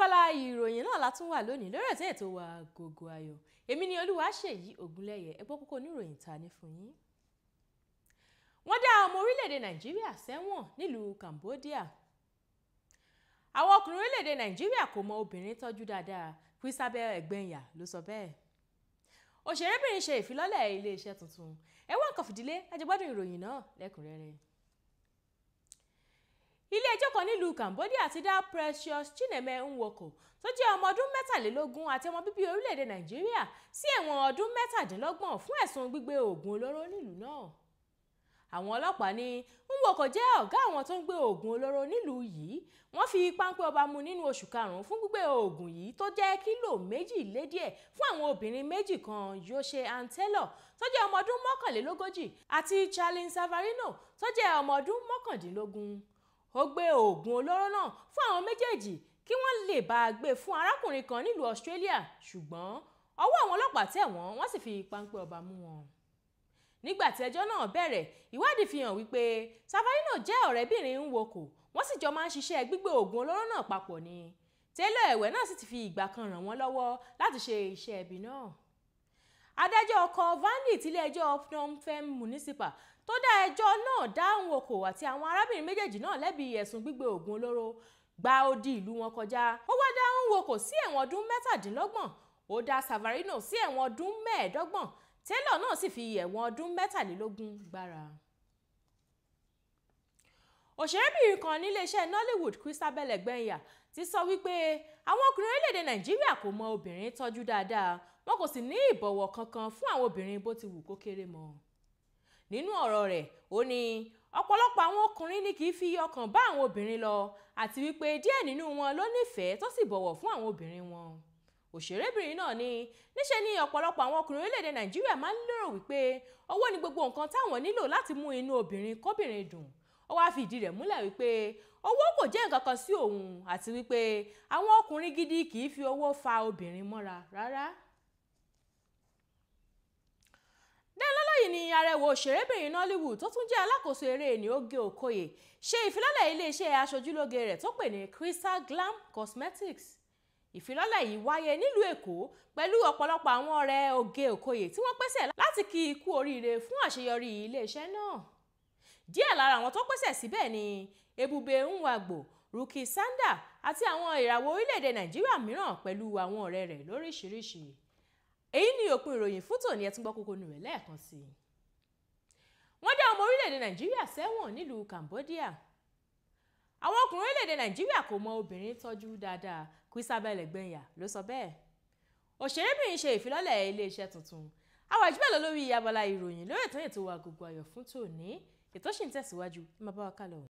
abala ìròyìn náà látún wà lónìí lórí ẹ̀tẹ́ ètò wa Agogo Ayọ̀ èmi ni Olúwaṣèyí Ògúnlẹ̀yẹ ẹ gbọ́ kókó níròyìn ta ní fún yín. wọ́n dá ọmọ orílẹ̀-èdè Nàìjíríà sẹ́wọ̀n nílùú Cambodia àwọn ọkùnrin orílẹ̀-èdè Nàìjíríà kò mọ obìnrin tọ́jú dáadáa Christabel Ẹgbẹ́nyà ló sọ bẹ́ẹ̀ òṣèrébìnrin ṣe ìfilọ́lẹ̀ iléeṣẹ́ tuntun ẹ wá ajẹgbádùn ìròyìn náà lẹ́kùnrẹ́rẹ́ ilé-ẹjọ́ kan nílùú Cambodia ti dá Precious Chineme Nwoko tó jẹ́ ọmọ ọdún mẹ́tàlélógún àti ọmọ bíbí orílẹ̀-èdè Nàìjíríà sí ẹ̀wọ̀n ọdún mẹ́tàdínlọ́gbọ̀n fún ẹ̀sùn gbígbé oògùn olóró nílùú náà àwọn ọlọ́pàá ní Nwoko jẹ́ ọ̀gá àwọn tó ń gbé oògùn olóró nílùú yìí wọ́n fi páńpẹ́ ọba mu nínú oṣù karùn-ún fún gbígbé oògùn yìí tó jẹ́ kílò méjì lé díẹ̀ fún àwọn obìnrin méjì kan Yose Ann Taylor tó jẹ́ ọmọ ọdún mọ́kànlélógójì àti Charlene Savarino tó jẹ́ ọmọ ọdún mọ́kàndínlógún ó gbé oògùn olóró náà fún àwọn méjèèjì kí wọ́n lè bá a gbé fún arákùnrin kan nílùú Australia ṣùgbọ́n ọwọ́ àwọn ọlọ́pàá tẹ̀ wọ́n wọ́n sì fi páńpẹ́ ọba mú wọn. nígbà tí ẹjọ́ náà bẹ̀rẹ̀ ìwádìí fi hàn wípé Safarino jẹ́ ọ̀rẹ́bìnrin Nwoko wọ́n sì jọ máa ń ṣiṣẹ́ gbígbé oògùn olóró náà papọ̀ ni tẹ́lẹ̀ ẹ̀wẹ̀ náà sì ti fi ìgbà kan ràn wọ́n lọ́wọ́ láti ṣe iṣẹ́ ibi náà adájọ́ Kolvandi tiléẹjọ́ Phnom Penh municipal tó dá ẹjọ́ náà dáhùn okò àti àwọn arábìnrin méjèèjì náà lẹ́bi ẹ̀sùn gbígbé oògùn olóró gba odi ìlú wọn kọjá ó wá dáhùn okò sí ẹ̀wọ̀n ọdún mẹ́tàdínlọ́gbọ̀n ó dá Savarino sí ẹ̀wọ̀n ọdún mẹ́ẹ̀ẹ́dọ́gbọ̀n Taylor náà sì fi ẹ̀wọ̀n ọdún mẹ́tàlélógún gbára òṣèrébìnrin kan níléeṣẹ́ Nollywood Christabel Ẹgbẹ́nyà ti sọ wípé àwọn ọkùnrin orílẹ̀-èdè Nàìjíríà kò mọ obìnrin tọ́jú dáadáa wọn kò sì ní ìbọ̀wọ̀ kankan fún àwọn obìnrin bó ti wù kó kéré mọ́ nínú ọ̀rọ̀ rẹ̀ ó ní ọ̀pọ̀lọpọ̀ àwọn ọkùnrin ni kì í fi ọkàn bá àwọn obìnrin lọ àti wípé díẹ̀ nínú wọn ló nífẹ̀ẹ́ tó sì bọ̀wọ̀ fún àwọn obìnrin wọn òṣèrébìnrin náà ní níṣe ni ọ̀pọ̀lọpọ̀ àwọn ọkùnrin orílẹ̀-èdè Nàìjíríà máa ń lérò wípé owó ni gbogbo nǹkan táwọn nílò láti mú inú obìnrin kóbìnrin dùn ó wáá fi ìdí rẹ̀ múlẹ̀ wípé owó kò jẹ́ nǹkan kan sí òun àti wípé àwọn ọkùnrin gidi kì í fi owó fa obìnrin mọ́ra rárá. dẹ́nlọ́lọ́ yìí ni arẹwà òṣèrébìnrin nollywood tó tún jẹ́ alákòóso eré ní oge okoye ṣe ìfilọ́lẹ̀ iléeṣẹ́ aṣojúlóge rẹ̀ tó pè ní crystal glam cosmetics ìfilọ́lẹ̀ yìí wáyé nílùú èkó pẹ̀lú ọ̀pọ̀lọpọ̀ àwọn ọ̀rẹ́ oge okoye tí wọ́n pèsè láti kí ikú oríire fún àṣeyọrí iléeṣẹ́ náà díẹ̀ lára àwọn tó pèsè síbẹ̀ ni ebube nwagbo ruki sanda àti àwọn ìràwọ̀ orílẹ̀-èdè nàìjíríà mìíràn pẹ̀lú àwọn ọ̀rẹ́ rẹ̀ lóríṣiríṣi èyí ni òpin ìròyìn fún tòní ẹtún gbọ́ kókó nìrẹ̀ lẹ́ẹ̀kan sí i wọ́n dá ọmọ orílẹ̀-èdè nàìjíríà sẹ́wọ̀n nílùú cambodia àwọn ọkùnrin orílẹ̀-èdè nàìjíríà kò mọ obìnrin tọ́jú dáadáa Isabel Ẹgbẹ́nyà ló sọ bẹ́ẹ̀ òṣèrébìnrin ṣe ìfilọ́lẹ̀ iléeṣẹ́ tuntun àwọn ìjúbẹ̀ lọ abala ìròyìn lórí ètò ètò ayọ̀ fún tòní ètò ṣì ń tẹ̀síwájú ẹ máa wa kálọ.